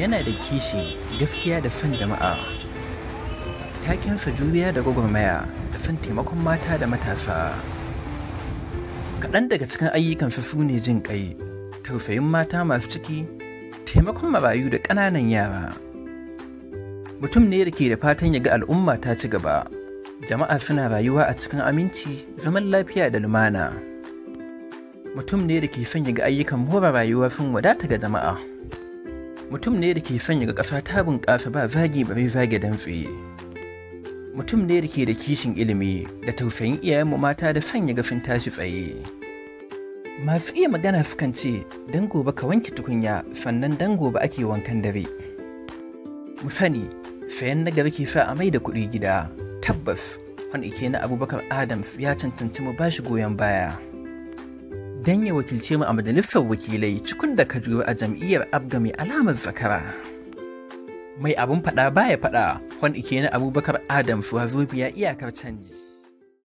yana da kishi gaskiya da son jama'a takinsa juriya da gwagwarmaya da son taimakon mata da matasa kaɗan daga cikin ayyukan su ne jin ƙai tausayin mata masu ciki taimakon marayu da ƙananan yara mutum ne da ke da fatan ya ga al'umma ta ci gaba jama'a suna rayuwa a cikin aminci zaman lafiya da lumana mutum ne da ke son ya ga ayyukan more rayuwa sun wadata ga jama'a mutum ne da ke sanya ga ƙasa ta bunƙasa ba zagi ba mai zage dan tsaye mutum ne da ke da kishin ilimi da tausayin iyayenmu mata da sanya gafin tashi tsaye masu iya magana sukan ce dan gobe ka wanke tukunya sannan dan gobe ake wankan dare mu sani sayan nagari ke sa a mai da kuɗi gida tabbas wani ike na abubakar adams ya cancanci mu bashi goyon baya don ya wakilce mu a majalisar wakilai cikin da kajuru a jam'iyyar abga mai alamar zakara mai abin faɗa baya faɗa kwan ike na abubakar adam suwa zobiya iyakar canji